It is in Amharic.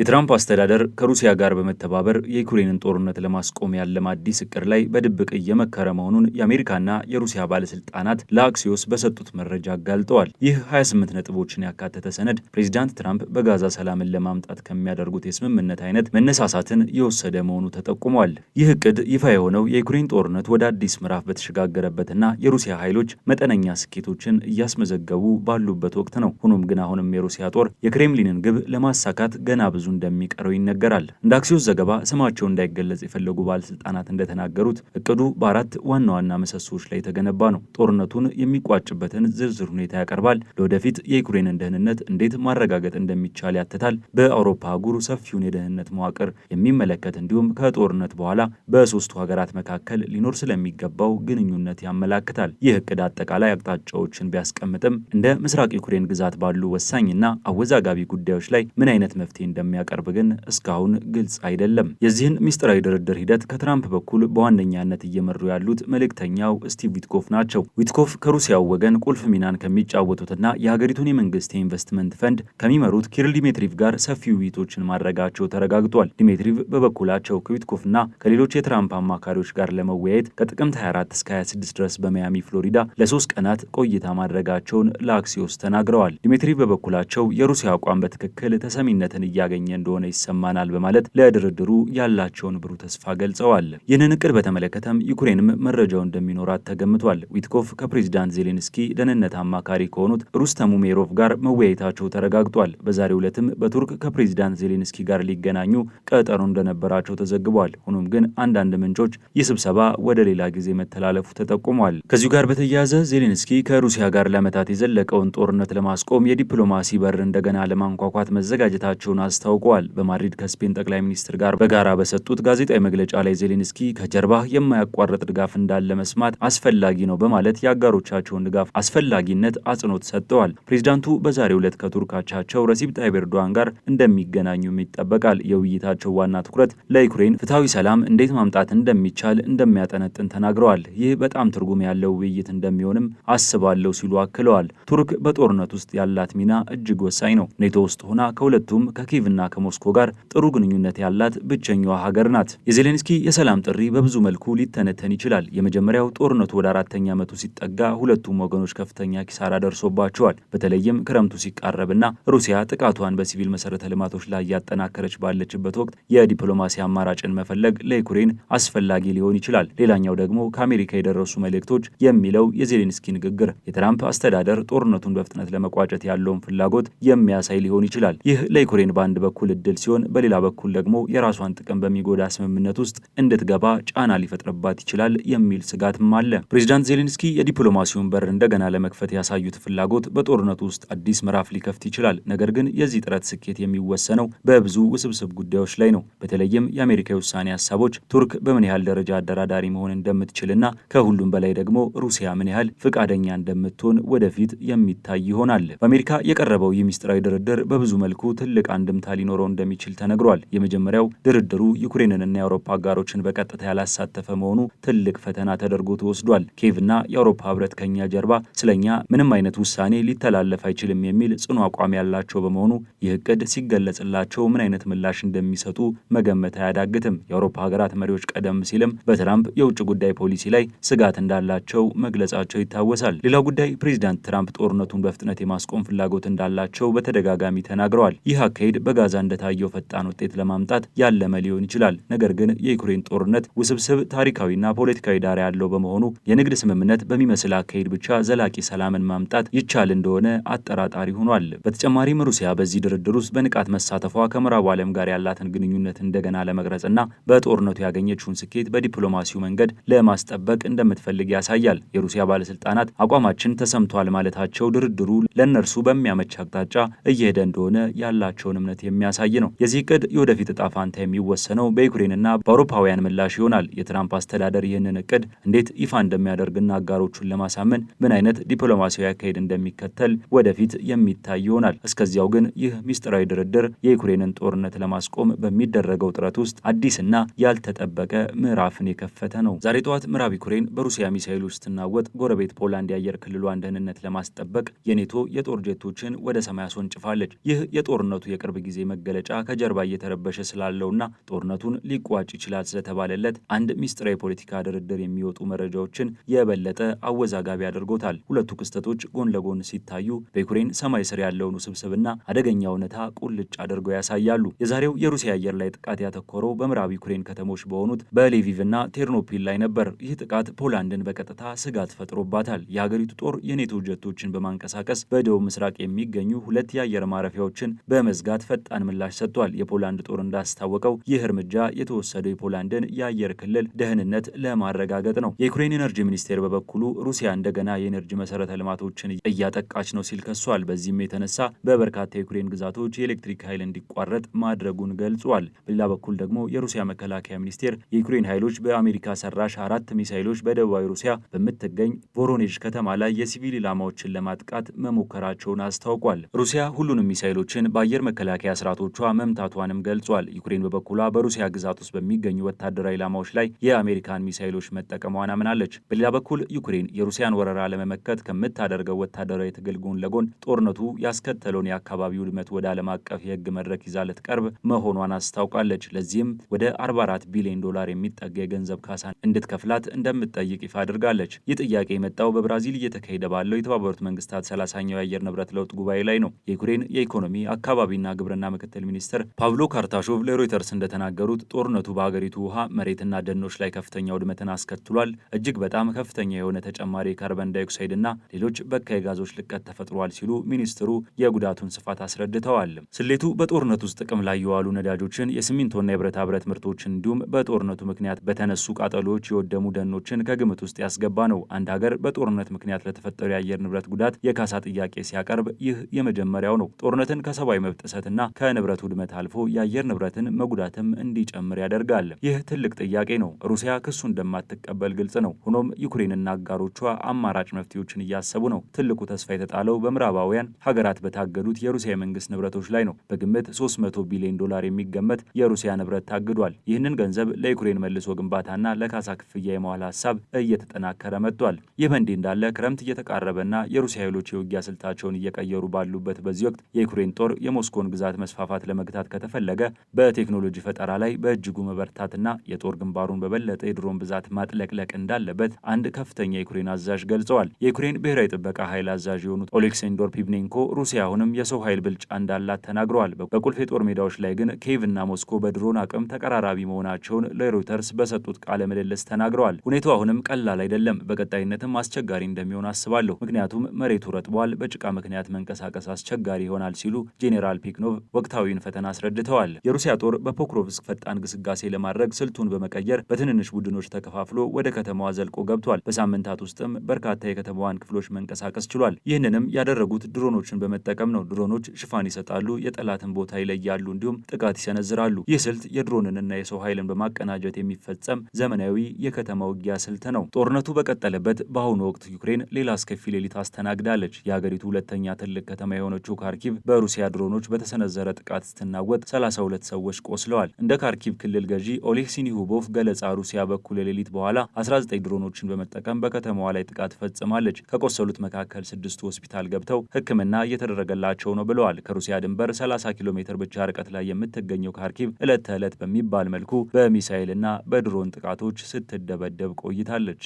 የትራምፕ አስተዳደር ከሩሲያ ጋር በመተባበር የዩክሬንን ጦርነት ለማስቆም ያለም አዲስ እቅድ ላይ በድብቅ እየመከረ መሆኑን የአሜሪካና የሩሲያ ባለስልጣናት ለአክሲዮስ በሰጡት መረጃ አጋልጠዋል። ይህ 28 ነጥቦችን ያካተተ ሰነድ ፕሬዚዳንት ትራምፕ በጋዛ ሰላምን ለማምጣት ከሚያደርጉት የስምምነት አይነት መነሳሳትን የወሰደ መሆኑ ተጠቁሟል። ይህ እቅድ ይፋ የሆነው የዩክሬን ጦርነት ወደ አዲስ ምዕራፍ በተሸጋገረበትና የሩሲያ ኃይሎች መጠነኛ ስኬቶችን እያስመዘገቡ ባሉበት ወቅት ነው። ሆኖም ግን አሁንም የሩሲያ ጦር የክሬምሊንን ግብ ለማሳካት ገና ብዙ ሳይያዙ እንደሚቀረው ይነገራል። እንደ አክሲዮስ ዘገባ ስማቸው እንዳይገለጽ የፈለጉ ባለስልጣናት እንደተናገሩት እቅዱ በአራት ዋና ዋና ምሰሶዎች ላይ የተገነባ ነው። ጦርነቱን የሚቋጭበትን ዝርዝር ሁኔታ ያቀርባል። ለወደፊት የዩክሬንን ደህንነት እንዴት ማረጋገጥ እንደሚቻል ያትታል። በአውሮፓ አህጉር ሰፊውን የደህንነት መዋቅር የሚመለከት እንዲሁም ከጦርነት በኋላ በሶስቱ ሀገራት መካከል ሊኖር ስለሚገባው ግንኙነት ያመላክታል። ይህ እቅድ አጠቃላይ አቅጣጫዎችን ቢያስቀምጥም እንደ ምስራቅ ዩክሬን ግዛት ባሉ ወሳኝና አወዛጋቢ ጉዳዮች ላይ ምን አይነት መፍትሄ እንደሚ እንደሚያቀርብ ግን እስካሁን ግልጽ አይደለም። የዚህን ሚስጥራዊ ድርድር ሂደት ከትራምፕ በኩል በዋነኛነት እየመሩ ያሉት መልእክተኛው ስቲቭ ዊትኮፍ ናቸው። ዊትኮፍ ከሩሲያው ወገን ቁልፍ ሚናን ከሚጫወቱትና የሀገሪቱን የመንግስት የኢንቨስትመንት ፈንድ ከሚመሩት ኪሪል ዲሜትሪቭ ጋር ሰፊ ውይይቶችን ማድረጋቸው ተረጋግጧል። ዲሜትሪቭ በበኩላቸው ከዊትኮፍና ከሌሎች የትራምፕ አማካሪዎች ጋር ለመወያየት ከጥቅምት 24 እስከ 26 ድረስ በሚያሚ ፍሎሪዳ ለሶስት ቀናት ቆይታ ማድረጋቸውን ለአክሲዮስ ተናግረዋል። ዲሜትሪቭ በበኩላቸው የሩሲያ አቋም በትክክል ተሰሚነትን እያገኘ እየተገኘ እንደሆነ ይሰማናል በማለት ለድርድሩ ያላቸውን ብሩህ ተስፋ ገልጸዋል። ይህንን እቅድ በተመለከተም ዩክሬንም መረጃው እንደሚኖራት ተገምቷል። ዊትኮፍ ከፕሬዚዳንት ዜሌንስኪ ደህንነት አማካሪ ከሆኑት ሩስተሙ ሜሮቭ ጋር መወያየታቸው ተረጋግጧል። በዛሬው ዕለትም በቱርክ ከፕሬዚዳንት ዜሌንስኪ ጋር ሊገናኙ ቀጠሮ እንደነበራቸው ተዘግቧል። ሆኖም ግን አንዳንድ ምንጮች ይህ ስብሰባ ወደ ሌላ ጊዜ መተላለፉ ተጠቁሟል። ከዚሁ ጋር በተያያዘ ዜሌንስኪ ከሩሲያ ጋር ለመታት የዘለቀውን ጦርነት ለማስቆም የዲፕሎማሲ በር እንደገና ለማንኳኳት መዘጋጀታቸውን አስታው አስታውቀዋል። በማድሪድ ከስፔን ጠቅላይ ሚኒስትር ጋር በጋራ በሰጡት ጋዜጣዊ መግለጫ ላይ ዜሌንስኪ ከጀርባህ የማያቋርጥ ድጋፍ እንዳለ መስማት አስፈላጊ ነው በማለት የአጋሮቻቸውን ድጋፍ አስፈላጊነት አጽንኦት ሰጥተዋል። ፕሬዚዳንቱ በዛሬው ዕለት ከቱርካቻቸው ረሲብ ጣይብ ኤርዶዋን ጋር እንደሚገናኙም ይጠበቃል። የውይይታቸው ዋና ትኩረት ለዩክሬን ፍትሐዊ ሰላም እንዴት ማምጣት እንደሚቻል እንደሚያጠነጥን ተናግረዋል። ይህ በጣም ትርጉም ያለው ውይይት እንደሚሆንም አስባለሁ ሲሉ አክለዋል። ቱርክ በጦርነት ውስጥ ያላት ሚና እጅግ ወሳኝ ነው። ኔቶ ውስጥ ሆና ከሁለቱም ከኪቭና ከሞስኮ ጋር ጥሩ ግንኙነት ያላት ብቸኛዋ ሀገር ናት። የዜሌንስኪ የሰላም ጥሪ በብዙ መልኩ ሊተነተን ይችላል። የመጀመሪያው ጦርነቱ ወደ አራተኛ ዓመቱ ሲጠጋ ሁለቱም ወገኖች ከፍተኛ ኪሳራ ደርሶባቸዋል። በተለይም ክረምቱ ሲቃረብና ሩሲያ ጥቃቷን በሲቪል መሰረተ ልማቶች ላይ እያጠናከረች ባለችበት ወቅት የዲፕሎማሲ አማራጭን መፈለግ ለዩክሬን አስፈላጊ ሊሆን ይችላል። ሌላኛው ደግሞ ከአሜሪካ የደረሱ መልእክቶች የሚለው የዜሌንስኪ ንግግር የትራምፕ አስተዳደር ጦርነቱን በፍጥነት ለመቋጨት ያለውን ፍላጎት የሚያሳይ ሊሆን ይችላል። ይህ ለዩክሬን በአንድ በኩል በኩል እድል ሲሆን፣ በሌላ በኩል ደግሞ የራሷን ጥቅም በሚጎዳ ስምምነት ውስጥ እንድትገባ ጫና ሊፈጥርባት ይችላል የሚል ስጋትም አለ። ፕሬዚዳንት ዜሌንስኪ የዲፕሎማሲውን በር እንደገና ለመክፈት ያሳዩት ፍላጎት በጦርነቱ ውስጥ አዲስ ምዕራፍ ሊከፍት ይችላል። ነገር ግን የዚህ ጥረት ስኬት የሚወሰነው በብዙ ውስብስብ ጉዳዮች ላይ ነው። በተለይም የአሜሪካ የውሳኔ ሀሳቦች ቱርክ በምን ያህል ደረጃ አደራዳሪ መሆን እንደምትችልና ከሁሉም በላይ ደግሞ ሩሲያ ምን ያህል ፈቃደኛ እንደምትሆን ወደፊት የሚታይ ይሆናል። በአሜሪካ የቀረበው ይህ ድርድር በብዙ መልኩ ትልቅ አንድምታ ሊኖረው እንደሚችል ተነግሯል። የመጀመሪያው ድርድሩ ዩክሬንንና የአውሮፓ አጋሮችን በቀጥታ ያላሳተፈ መሆኑ ትልቅ ፈተና ተደርጎ ተወስዷል። ኬቭና የአውሮፓ ህብረት ከኛ ጀርባ ስለኛ ምንም አይነት ውሳኔ ሊተላለፍ አይችልም የሚል ጽኑ አቋም ያላቸው በመሆኑ ይህ እቅድ ሲገለጽላቸው ምን አይነት ምላሽ እንደሚሰጡ መገመት አያዳግትም። የአውሮፓ ሀገራት መሪዎች ቀደም ሲልም በትራምፕ የውጭ ጉዳይ ፖሊሲ ላይ ስጋት እንዳላቸው መግለጻቸው ይታወሳል። ሌላው ጉዳይ ፕሬዚዳንት ትራምፕ ጦርነቱን በፍጥነት የማስቆም ፍላጎት እንዳላቸው በተደጋጋሚ ተናግረዋል። ይህ አካሄድ በጋ በጋዛ እንደታየው ፈጣን ውጤት ለማምጣት ያለመ ሊሆን ይችላል። ነገር ግን የዩክሬን ጦርነት ውስብስብ ታሪካዊና ፖለቲካዊ ዳራ ያለው በመሆኑ የንግድ ስምምነት በሚመስል አካሄድ ብቻ ዘላቂ ሰላምን ማምጣት ይቻል እንደሆነ አጠራጣሪ ሆኗል። በተጨማሪም ሩሲያ በዚህ ድርድር ውስጥ በንቃት መሳተፏ ከምዕራቡ ዓለም ጋር ያላትን ግንኙነት እንደገና ለመቅረጽና በጦርነቱ ያገኘችውን ስኬት በዲፕሎማሲው መንገድ ለማስጠበቅ እንደምትፈልግ ያሳያል። የሩሲያ ባለስልጣናት አቋማችን ተሰምቷል ማለታቸው ድርድሩ ለእነርሱ በሚያመች አቅጣጫ እየሄደ እንደሆነ ያላቸውን እምነት የሚያሳይ ነው። የዚህ እቅድ የወደፊት እጣ ፋንታ የሚወሰነው በዩክሬንና በአውሮፓውያን ምላሽ ይሆናል። የትራምፕ አስተዳደር ይህንን እቅድ እንዴት ይፋ እንደሚያደርግና አጋሮቹን ለማሳመን ምን አይነት ዲፕሎማሲያዊ አካሄድ እንደሚከተል ወደፊት የሚታይ ይሆናል። እስከዚያው ግን ይህ ሚስጥራዊ ድርድር የዩክሬንን ጦርነት ለማስቆም በሚደረገው ጥረት ውስጥ አዲስና ያልተጠበቀ ምዕራፍን የከፈተ ነው። ዛሬ ጠዋት ምዕራብ ዩክሬን በሩሲያ ውስጥ ስትናወጥ ጎረቤት ፖላንድ የአየር ክልሏን ደህንነት ለማስጠበቅ የኔቶ የጦር ጀቶችን ወደ ሰማይ አስወንጭፋለች። ይህ የጦርነቱ የቅርብ ጊዜ መገለጫ ከጀርባ እየተረበሸ ስላለውና ጦርነቱን ሊቋጭ ይችላል ስለተባለለት አንድ ሚስጥራዊ የፖለቲካ ድርድር የሚወጡ መረጃዎችን የበለጠ አወዛጋቢ አድርጎታል። ሁለቱ ክስተቶች ጎን ለጎን ሲታዩ በዩክሬን ሰማይ ስር ያለውን ውስብስብና አደገኛ እውነታ ቁልጭ አድርገው ያሳያሉ። የዛሬው የሩሲያ አየር ላይ ጥቃት ያተኮረው በምዕራብ ዩክሬን ከተሞች በሆኑት በሌቪቭና ቴርኖፒል ላይ ነበር። ይህ ጥቃት ፖላንድን በቀጥታ ስጋት ፈጥሮባታል። የሀገሪቱ ጦር የኔቶ ጀቶችን በማንቀሳቀስ በደቡብ ምስራቅ የሚገኙ ሁለት የአየር ማረፊያዎችን በመዝጋት ፈጣ ፈጣን ምላሽ ሰጥቷል። የፖላንድ ጦር እንዳስታወቀው ይህ እርምጃ የተወሰደው የፖላንድን የአየር ክልል ደህንነት ለማረጋገጥ ነው። የዩክሬን ኤነርጂ ሚኒስቴር በበኩሉ ሩሲያ እንደገና የኤነርጂ መሰረተ ልማቶችን እያጠቃች ነው ሲል ከሷል። በዚህም የተነሳ በበርካታ የዩክሬን ግዛቶች የኤሌክትሪክ ኃይል እንዲቋረጥ ማድረጉን ገልጿል። በሌላ በኩል ደግሞ የሩሲያ መከላከያ ሚኒስቴር የዩክሬን ኃይሎች በአሜሪካ ሰራሽ አራት ሚሳይሎች በደቡባዊ ሩሲያ በምትገኝ ቮሮኔዥ ከተማ ላይ የሲቪል ኢላማዎችን ለማጥቃት መሞከራቸውን አስታውቋል። ሩሲያ ሁሉንም ሚሳይሎችን በአየር መከላከያ መስራቶቿ መምታቷንም ገልጿል። ዩክሬን በበኩሏ በሩሲያ ግዛት ውስጥ በሚገኙ ወታደራዊ ኢላማዎች ላይ የአሜሪካን ሚሳይሎች መጠቀሟን አምናለች። በሌላ በኩል ዩክሬን የሩሲያን ወረራ ለመመከት ከምታደርገው ወታደራዊ ትግል ጎን ለጎን ጦርነቱ ያስከተለውን የአካባቢው ውድመት ወደ ዓለም አቀፍ የህግ መድረክ ይዛ ልትቀርብ መሆኗን አስታውቃለች። ለዚህም ወደ 44 ቢሊዮን ዶላር የሚጠጋ የገንዘብ ካሳን እንድትከፍላት እንደምትጠይቅ ይፋ አድርጋለች። ይህ ጥያቄ የመጣው በብራዚል እየተካሄደ ባለው የተባበሩት መንግስታት ሰላሳኛው የአየር ንብረት ለውጥ ጉባኤ ላይ ነው። የዩክሬን የኢኮኖሚ አካባቢና ግብርና ምክትል ሚኒስትር ፓብሎ ካርታሾቭ ለሮይተርስ እንደተናገሩት ጦርነቱ በአገሪቱ ውሃ፣ መሬትና ደኖች ላይ ከፍተኛ ውድመትን አስከትሏል። እጅግ በጣም ከፍተኛ የሆነ ተጨማሪ ካርበን ዳይኦክሳይድና ሌሎች በካይ ጋዞች ልቀት ተፈጥሯል ሲሉ ሚኒስትሩ የጉዳቱን ስፋት አስረድተዋል። ስሌቱ በጦርነቱ ውስጥ ጥቅም ላይ የዋሉ ነዳጆችን፣ የሲሚንቶና የብረታ ብረት ምርቶችን እንዲሁም በጦርነቱ ምክንያት በተነሱ ቃጠሎዎች የወደሙ ደኖችን ከግምት ውስጥ ያስገባ ነው። አንድ ሀገር በጦርነት ምክንያት ለተፈጠሩ የአየር ንብረት ጉዳት የካሳ ጥያቄ ሲያቀርብ ይህ የመጀመሪያው ነው። ጦርነትን ከሰብአዊ መብት ጥሰትና ከንብረት ውድመት አልፎ የአየር ንብረትን መጉዳትም እንዲጨምር ያደርጋል። ይህ ትልቅ ጥያቄ ነው። ሩሲያ ክሱ እንደማትቀበል ግልጽ ነው። ሆኖም ዩክሬንና አጋሮቿ አማራጭ መፍትሄዎችን እያሰቡ ነው። ትልቁ ተስፋ የተጣለው በምዕራባውያን ሀገራት በታገዱት የሩሲያ የመንግስት ንብረቶች ላይ ነው። በግምት 300 ቢሊዮን ዶላር የሚገመት የሩሲያ ንብረት ታግዷል። ይህንን ገንዘብ ለዩክሬን መልሶ ግንባታና ለካሳ ክፍያ የመዋል ሀሳብ እየተጠናከረ መጥቷል። ይህ በእንዲህ እንዳለ ክረምት እየተቃረበና የሩሲያ ኃይሎች የውጊያ ስልታቸውን እየቀየሩ ባሉበት በዚህ ወቅት የዩክሬን ጦር የሞስኮን ግዛት መስ መስፋፋት ለመግታት ከተፈለገ በቴክኖሎጂ ፈጠራ ላይ በእጅጉ መበርታትና የጦር ግንባሩን በበለጠ የድሮን ብዛት ማጥለቅለቅ እንዳለበት አንድ ከፍተኛ የዩክሬን አዛዥ ገልጸዋል። የዩክሬን ብሔራዊ ጥበቃ ኃይል አዛዥ የሆኑት ኦሌክሴንዶር ፒቭኔንኮ ሩሲያ አሁንም የሰው ኃይል ብልጫ እንዳላት ተናግረዋል። በቁልፍ የጦር ሜዳዎች ላይ ግን ኪየቭና ሞስኮ በድሮን አቅም ተቀራራቢ መሆናቸውን ለሮይተርስ በሰጡት ቃለ ምልልስ ተናግረዋል። ሁኔታው አሁንም ቀላል አይደለም፣ በቀጣይነትም አስቸጋሪ እንደሚሆን አስባለሁ፣ ምክንያቱም መሬቱ ረጥቧል፣ በጭቃ ምክንያት መንቀሳቀስ አስቸጋሪ ይሆናል ሲሉ ጄኔራል ፒክኖቭ ወቅታዊውን ፈተና አስረድተዋል። የሩሲያ ጦር በፖክሮቭስክ ፈጣን ግስጋሴ ለማድረግ ስልቱን በመቀየር በትንንሽ ቡድኖች ተከፋፍሎ ወደ ከተማዋ ዘልቆ ገብቷል። በሳምንታት ውስጥም በርካታ የከተማዋን ክፍሎች መንቀሳቀስ ችሏል። ይህንንም ያደረጉት ድሮኖችን በመጠቀም ነው። ድሮኖች ሽፋን ይሰጣሉ፣ የጠላትን ቦታ ይለያሉ፣ እንዲሁም ጥቃት ይሰነዝራሉ። ይህ ስልት የድሮንንና የሰው ኃይልን በማቀናጀት የሚፈጸም ዘመናዊ የከተማ ውጊያ ስልት ነው። ጦርነቱ በቀጠለበት በአሁኑ ወቅት ዩክሬን ሌላ አስከፊ ሌሊት አስተናግዳለች። የሀገሪቱ ሁለተኛ ትልቅ ከተማ የሆነችው ካርኪቭ በሩሲያ ድሮኖች በተሰነዘረ በተሰነዘረ ጥቃት ስትናወጥ 32 ሰዎች ቆስለዋል። እንደ ካርኪቭ ክልል ገዢ ኦሌህ ሲኒሁቦቭ ገለጻ ሩሲያ በኩል የሌሊት በኋላ 19 ድሮኖችን በመጠቀም በከተማዋ ላይ ጥቃት ፈጽማለች። ከቆሰሉት መካከል ስድስቱ ሆስፒታል ገብተው ሕክምና እየተደረገላቸው ነው ብለዋል። ከሩሲያ ድንበር 30 ኪሎ ሜትር ብቻ ርቀት ላይ የምትገኘው ካርኪቭ ዕለት ተዕለት በሚባል መልኩ በሚሳይልና በድሮን ጥቃቶች ስትደበደብ ቆይታለች።